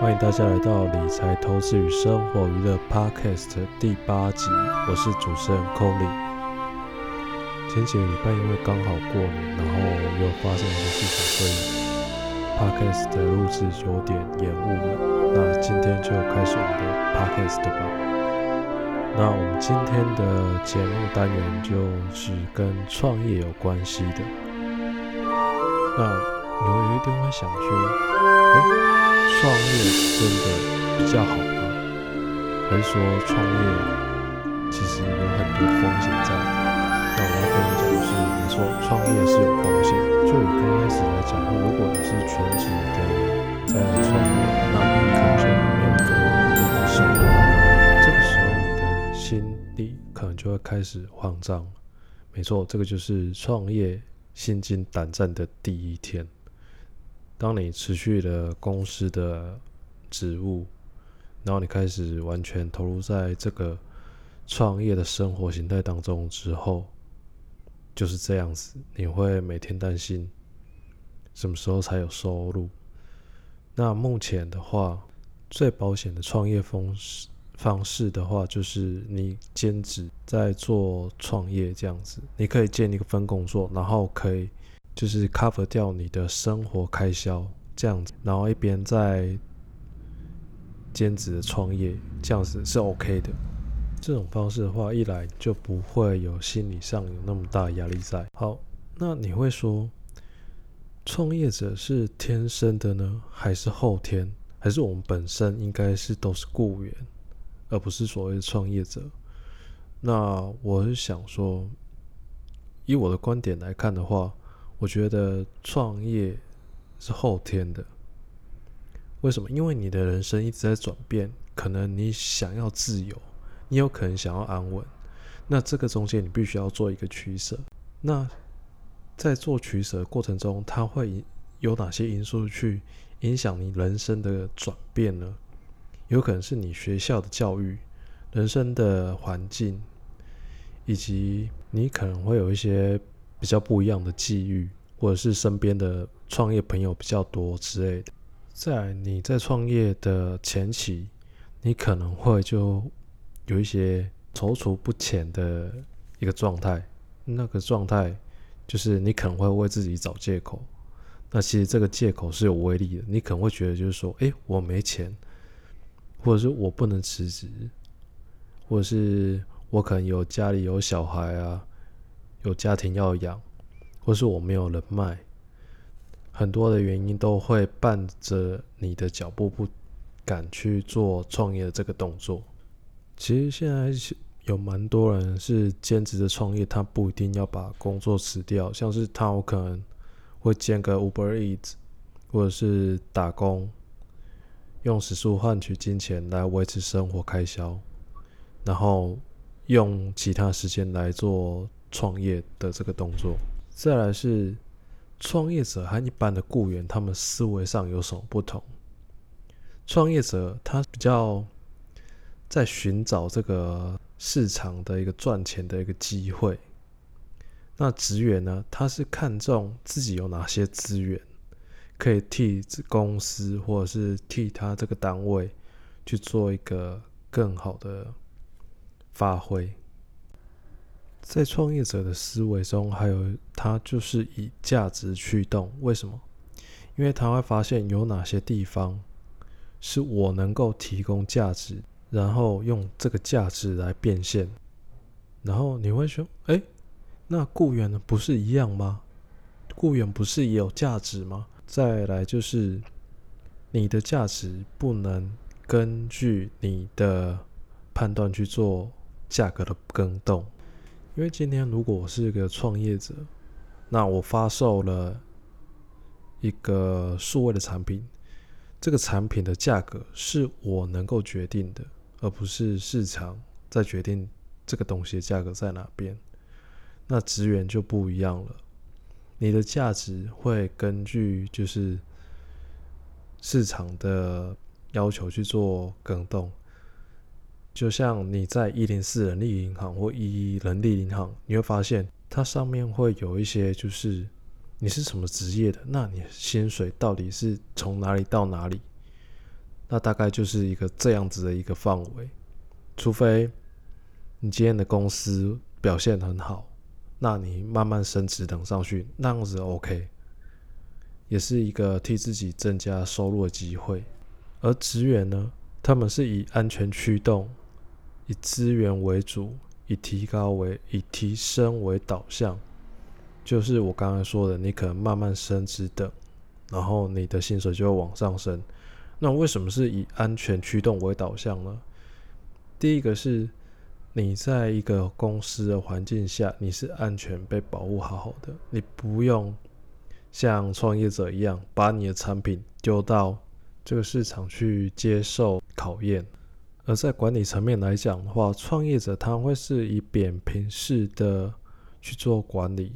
歡迎大家來到理財投資與生活娛樂 Podcast 第八集，我是主持人 Coley，前幾個禮拜因為剛好過年，然後又發生一些事情，所以 Podcast 的錄制有點延誤了。那今天就開始我們的 Podcast 吧。那我們今天的節目單元就是跟創業有關係的。那你們一定會想說，創業真的比較好嗎？還是說創業其實有很多風險在？那我要跟你講的、就是，沒錯，創業是有風險。就以剛開始來講的話，如果你是全職的在、呃、創業，那你可能就沒有收入，這個時候你的心裡可能就會開始慌張。沒錯，這個就是創業心驚膽戰的第一天。當你持續了公司的職務，然後你開始完全投入在這個創業的生活形態當中之後，就是這樣子，你會每天擔心什麼時候才有收入。那目前的話，最保險的創業方式方式的話，就是你兼職在做創業這樣子，你可以建一個分工作，然後可以。就是 cover 掉你的生活開銷這樣子，然後一邊在兼職創業這樣子是 OK 的。這種方式的話，一來就不會有心理上有那麼大壓力在。好，那你會說，創業者是天生的呢，還是後天？還是我們本身應該是都是僱員，而不是所謂的創業者？那我是想說，以我的觀點來看的話。我覺得創業是後天的，為什麼？因為你的人生一直在轉變，可能你想要自由，你有可能想要安穩，那這個中間你必須要做一個取捨。那在做取捨的過程中，它會有哪些因素去影響你人生的轉變呢？有可能是你學校的教育、人生的環境，以及你可能會有一些比較不一樣的際遇。或者是身邊的創業朋友比較多之類的，在你在創業的前期，你可能會就有一些躊躇不前的一個狀態，那個狀態就是你可能會為自己找借口，那其實這個借口是有威力的，你可能會覺得就是說，誒、欸，我沒錢，或者是我不能辭職，或者是我可能有家裡有小孩啊，有家庭要養。或是我沒有人脈，很多的原因都會伴着你的腳步，不敢去做創業的這個動作。其實現在有蠻多人是兼職的創業，他不一定要把工作辭掉，像是他有可能會兼個 Uber Eats，或者是打工，用時數換取金錢來維持生活開銷，然後用其他時間來做創業的這個動作。再來是創業者和一般的僱員，他們思維上有什麼不同？創業者他比較在尋找這個市場的一個賺錢的一個機會，那職員呢，他是看重自己有哪些資源，可以替公司或者是替他這個單位去做一個更好的發揮。在創業者的思維中，還有他就是以價值驅動。為什麼？因為他會發現有哪些地方是我能夠提供價值，然後用這個價值來變現。然後你會說：“哎、欸，那僱員呢？不是一樣嗎？僱員不是也有價值嗎？”再來就是你的價值不能根據你的判斷去做價格的更動。因為今天，如果我是一個創業者，那我發售了一個數位的產品，這個產品的價格是我能夠決定的，而不是市場在決定這個東西的價格在哪邊。那職員就不一樣了，你的價值會根據就是市場的要求去做更動。就像你在一零四人力銀行或一一人力銀行，你會發現它上面會有一些，就是你是什麼職業的，那你薪水到底是從哪裡到哪裡？那大概就是一個這樣子的一個範圍。除非你今天的公司表現很好，那你慢慢升職等上去，那樣子 OK，也是一個替自己增加收入的機會。而職員呢，他們是以安全驅動。以資源為主，以提高為，以提升為導向，就是我剛才說的，你可能慢慢升職的，然後你的薪水就會往上升。那為什麼是以安全驅動為導向呢？第一個是，你在一個公司的環境下，你是安全被保護好好的，你不用像創業者一樣把你的產品丟到這個市場去接受考驗。而在管理層面來講的話，創業者他會是以扁平式的去做管理。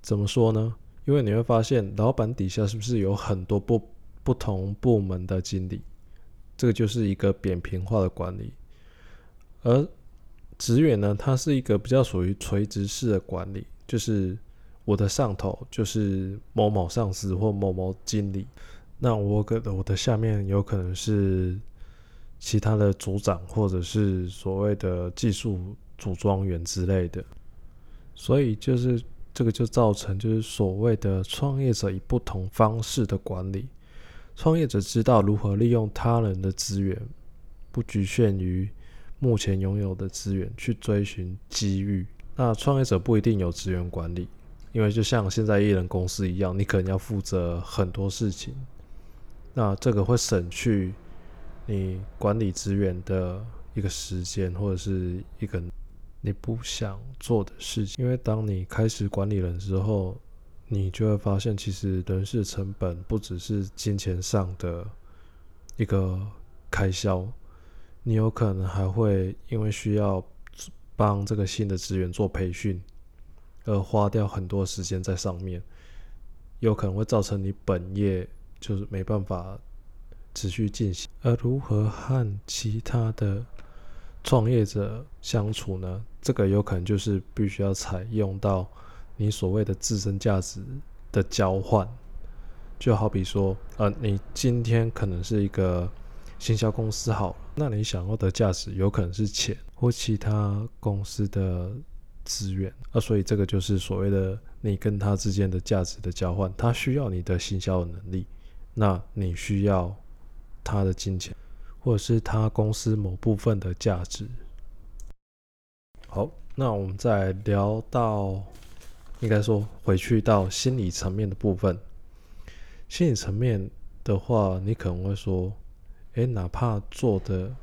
怎麼說呢？因為你會發現，老闆底下是不是有很多不不同部門的經理？這個就是一個扁平化的管理。而職員呢，它是一個比較屬於垂直式的管理，就是我的上頭就是某某上司或某某經理，那我給的我的下面有可能是。其他的組長或者是所謂的技術組裝員之類的，所以就是這個就造成就是所謂的創業者以不同方式的管理。創業者知道如何利用他人的資源，不局限於目前擁有的資源去追尋機遇。那創業者不一定有資源管理，因為就像現在藝人公司一樣，你可能要負責很多事情，那這個會省去。你管理資源的一個時間，或者是一個你不想做的事情，因為當你開始管理人之後，你就會發現，其實人事成本不只是金錢上的一個開銷，你有可能還會因為需要幫這個新的資源做培訓，而花掉很多時間在上面，有可能會造成你本業就是沒辦法。持續進行，而如何和其他的創業者相處呢？這個有可能就是必須要採用到你所謂的自身價值的交換，就好比說，呃，你今天可能是一個行銷公司，好了，那你想要的價值有可能是錢或其他公司的資源，啊，所以這個就是所謂的你跟他之間的價值的交換，他需要你的行銷能力，那你需要。他的金錢，或者是他公司某部分的價值。好，那我們再聊到，應該說回去到心理層面的部分。心理層面的話，你可能會說，欸，哪怕做的，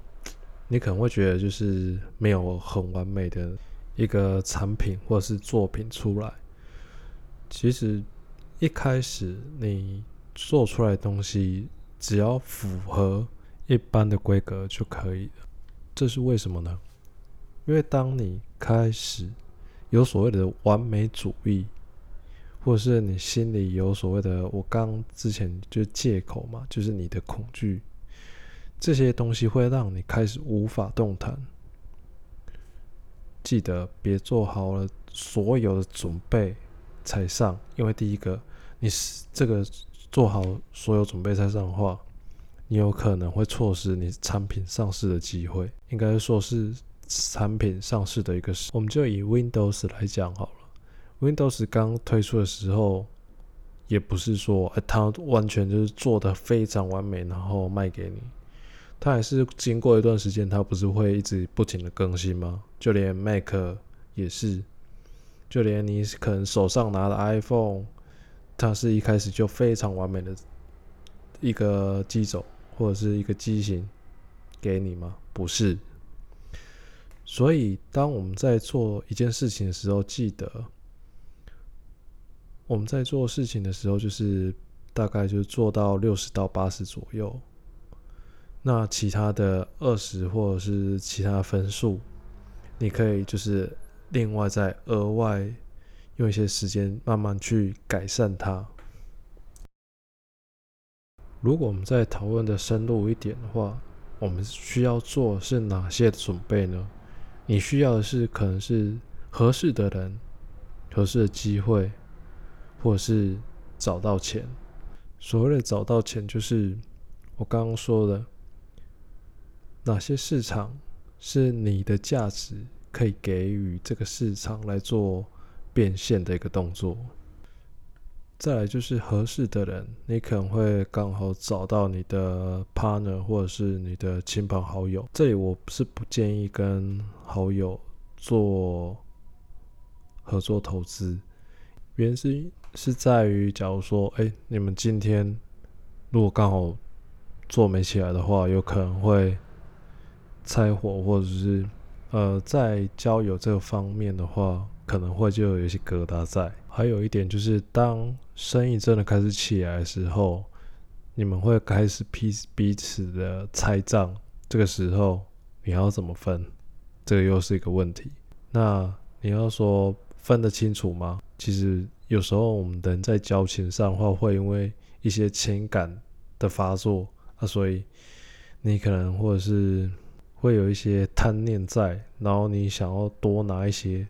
你可能會覺得就是沒有很完美的一個產品或者是作品出來。其實一開始你做出來的東西。只要符合一般的規格就可以了，這是為什麼呢？因為當你開始有所謂的完美主義，或是你心裡有所謂的，我剛之前就借口嘛，就是你的恐懼，這些東西會讓你開始無法動彈。記得別做好了所有的準備才上，因為第一個，你是這個。做好所有準備才上的話，你有可能會錯失你產品上市的機會。應該說是產品上市的一個事。我們就以 Windows 來講好了。Windows 剛推出的時候，也不是說，欸，它完全就是做的非常完美，然後賣給你。它還是經過一段時間，它不是會一直不停的更新嗎？就連 Mac 也是，就連你可能手上拿的 iPhone。它是一開始就非常完美的一個機種，或者是一個機型給你嗎？不是。所以，當我們在做一件事情的時候，記得我們在做事情的時候，就是大概就是做到六十到八十左右。那其他的二十或者是其他的分數，你可以就是另外再額外。用一些時間慢慢去改善它。如果我們再討論的深入一點的話，我們需要做的是哪些準備呢？你需要的是可能是合適的人、合適的機會，或者是找到錢。所謂的找到錢，就是我剛剛說的，哪些市場是你的價值可以給予這個市場來做。變現的一個動作，再來就是合適的人，你可能會剛好找到你的 partner 或者是你的親朋好友。這裡我是不建議跟好友做合作投資，原因是是在於，假如說，哎、欸，你們今天如果剛好做沒起來的話，有可能會拆夥，或者是呃，在交友這個方面的話，可能會就有一些疙瘩在，還有一點就是，當生意真的開始起來的時候，你們會開始彼此彼此的拆賬。這個時候，你要怎麼分？這個又是一個問題。那你要說分得清楚嗎？其實有時候我們人在交情上的話，會因為一些情感的發作啊，所以你可能或者是會有一些貪念在，然後你想要多拿一些。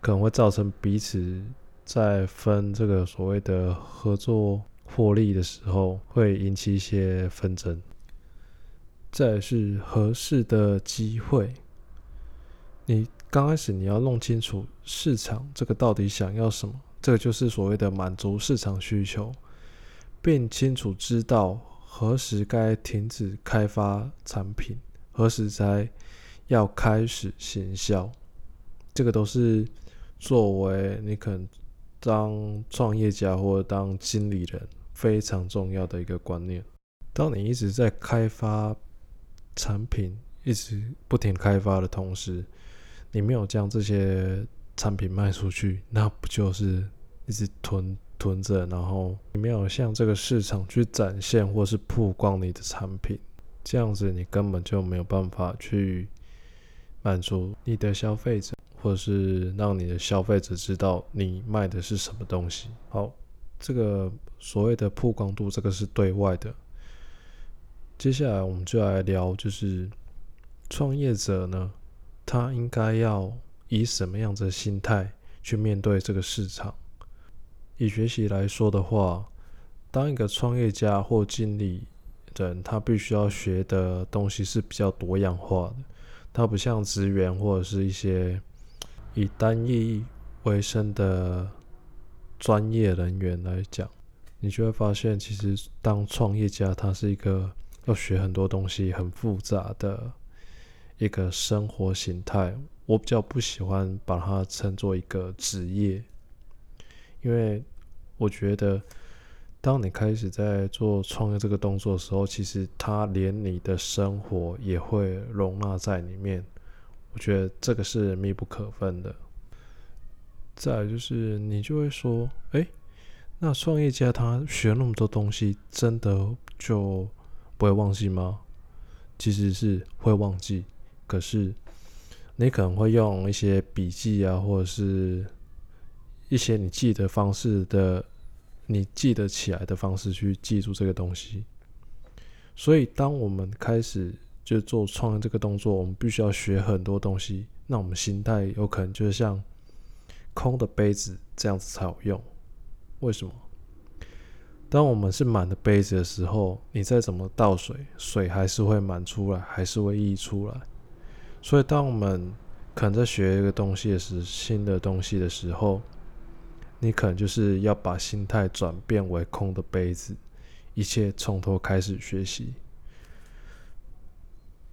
可能會造成彼此在分這個所謂的合作獲利的時候，會引起一些紛爭。這也是合適的機會，你剛開始你要弄清楚市場這個到底想要什麼，這個就是所謂的滿足市場需求，並清楚知道何時該停止開發產品，何時才要開始行銷，這個都是。作為你可能當創業家或者當經理人非常重要的一個觀念，當你一直在開發產品，一直不停開發的同時，你沒有將這些產品賣出去，那不就是一直囤囤着，然後你沒有向這個市場去展現或是曝光你的產品，這樣子你根本就沒有辦法去滿足你的消費者。或者是讓你的消費者知道你賣的是什麼東西。好，這個所謂的曝光度，這個是對外的。接下來我們就來聊，就是創業者呢，他應該要以什麼樣子的心態去面對這個市場？以學習來說的話，當一個創業家或經理人，他必須要學的東西是比較多樣化的，他不像職員或者是一些。以單一為生的專業人員來講，你就會發現，其實當創業家，他是一個要學很多東西、很複雜的，一個生活形態。我比較不喜歡把它稱作一個職業，因為我覺得，當你開始在做創業這個動作的時候，其實它連你的生活也會容納在裡面。我覺得這個是密不可分的。再來就是，你就會說，哎、欸，那創業家他學那麼多東西，真的就不會忘記嗎？其實是會忘記，可是你可能會用一些筆記啊，或者是一些你記得方式的，你記得起來的方式去記住這個東西。所以，當我們開始。就是做創業這個動作，我們必須要學很多東西。那我們心態有可能就是像空的杯子這樣子才有用。為什麼？當我們是滿的杯子的時候，你再怎麼倒水，水還是會滿出來，還是會溢出來。所以，當我們可能在學一個東西的時候，新的東西的時候，你可能就是要把心態轉變為空的杯子，一切從頭開始學習。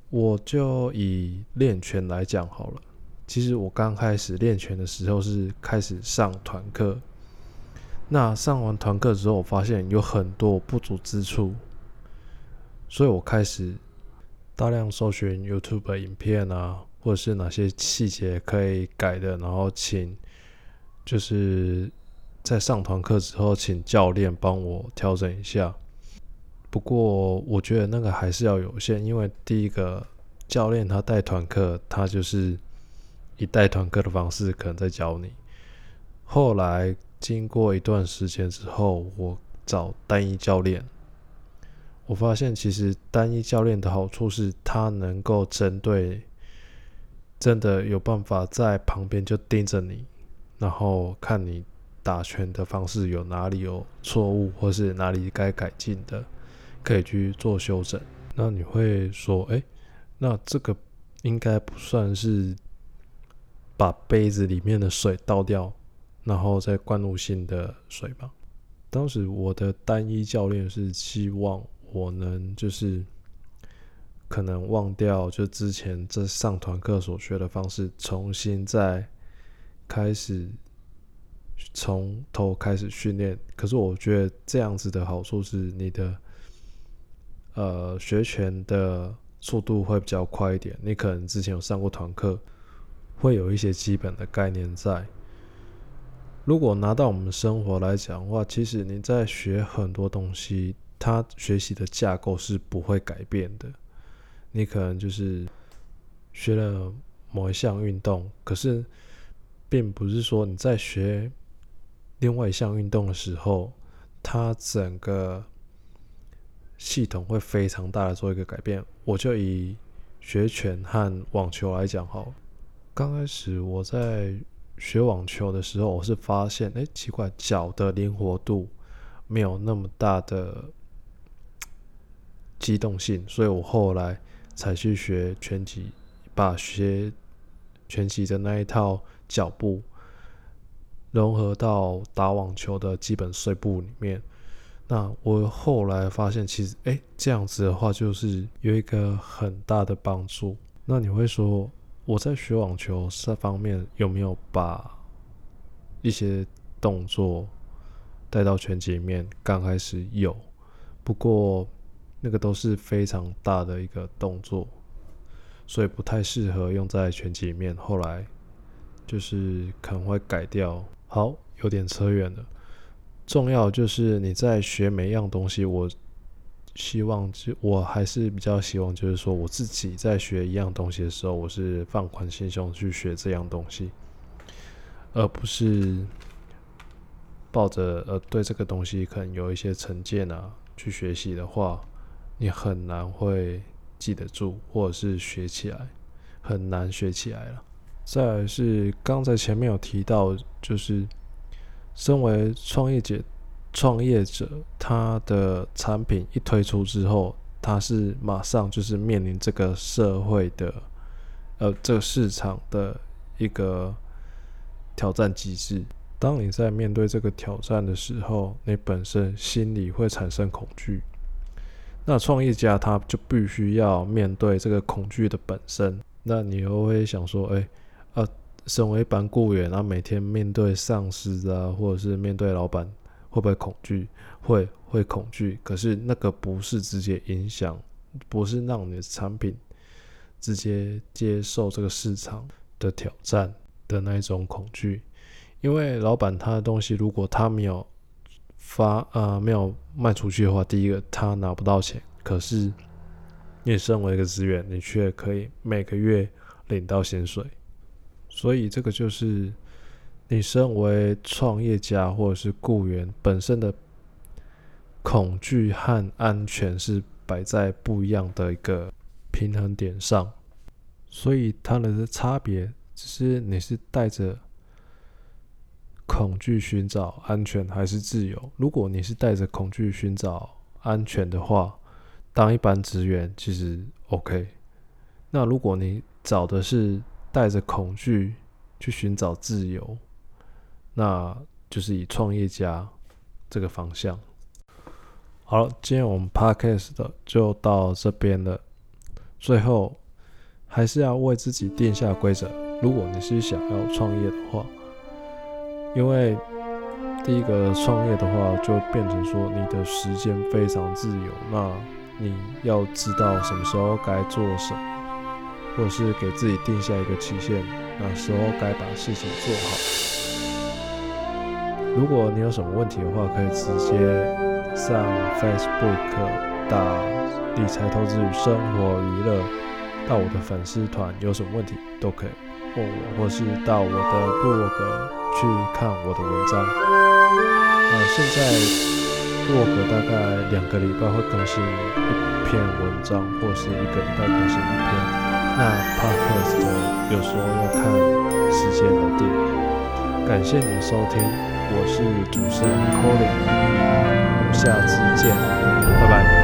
我就以練拳來講好了。其實我剛開始練拳的時候是開始上團課，那上完團課之後，我發現有很多不足之處，所以我開始大量搜尋 YouTube 影片啊，或者是哪些細節可以改的，然後請就是在上團課之後，請教練幫我調整一下。不過，我覺得那個還是要有限，因為第一個教練他帶團課，他就是以帶團課的方式可能在教你。後來經過一段時間之後，我找單一教練，我發現其實單一教練的好處是，他能夠針對真的有辦法在旁邊就盯着你，然後看你打拳的方式有哪裡有錯誤，或是哪裡該改進的。可以去做修整。那你會說，哎，那這個應該不算是把杯子裡面的水倒掉，然後再灌入新的水吧？當時我的單一教練是希望我能就是可能忘掉就之前這上團課所學的方式，重新再開始從頭開始訓練。可是我覺得這樣子的好處是你的。呃，學拳的速度會比較快一點。你可能之前有上過團課，會有一些基本的概念在。如果拿到我們生活來講的話，其實你在學很多東西，它學習的架構是不會改變的。你可能就是學了某一項運動，可是並不是說你在學另外一項運動的時候，它整個。系統會非常大的做一個改變。我就以學拳和網球來講，哈，剛開始我在學網球的時候，我是發現，哎、欸，奇怪，腳的靈活度沒有那麼大的機動性，所以我後來才去學拳擊，把學拳擊的那一套腳步融合到打網球的基本碎步裡面。那我後來發現，其實哎、欸，這樣子的話就是有一個很大的幫助。那你會說，我在學網球這方面有沒有把一些動作帶到拳擊裡面？剛開始有，不過那個都是非常大的一個動作，所以不太適合用在拳擊裡面。後來就是可能會改掉。好，有點扯遠了。重要就是你在學每樣東西，我希望就我還是比較希望，就是說我自己在學一樣東西的時候，我是放寬心胸去學這樣東西，而不是抱着呃，對這個東西可能有一些成見啊去學習的話，你很難會記得住，或者是學起來很難學起來了。再來是剛才前面有提到，就是。身為創業者，創業者他的產品一推出之後，他是馬上就是面臨這個社會的，呃，這個市場的一個挑戰機制。當你在面對這個挑戰的時候，你本身心裡會產生恐懼。那創業家他就必須要面對這個恐懼的本身。那你又會想說，哎、欸，呃身為一般僱員啊，啊每天面對上司啊，或者是面對老板，會不會恐懼？會，會恐懼。可是那個不是直接影響，不是讓你的產品直接接受這個市場的挑戰的那一種恐懼。因為老板他的東西，如果他沒有發啊、呃，沒有賣出去的話，第一個他拿不到錢。可是你身為一個職員，你卻可以每個月領到薪水。所以這個就是你身為創業家或者是雇員本身的恐懼和安全是擺在不一樣的一個平衡點上，所以他們的差別只是你是帶着恐懼尋找安全還是自由。如果你是帶着恐懼尋找安全的話，當一般職員其實 OK。那如果你找的是帶着恐懼去尋找自由，那就是以創業家這個方向。好了，今天我們 podcast 的就到這邊了。最後還是要為自己定下規則。如果你是想要創業的話，因為第一個創業的話就變成說你的時間非常自由，那你要知道什麼時候該做什麼。或是給自己定下一個期限，那時候該把事情做好。如果你有什麼問題的話，可以直接上 Facebook 打“理財投資與生活娛樂”到我的粉絲團，有什麼問題都可以問我，或是到我的 blog 去看我的文章。呃，現在 blog 大概兩個禮拜會更新一篇文章，或是一個禮拜更新一篇。那 podcast 有時候要看時間而定，感謝您收聽，我是主持人 Colin，下次見，拜拜。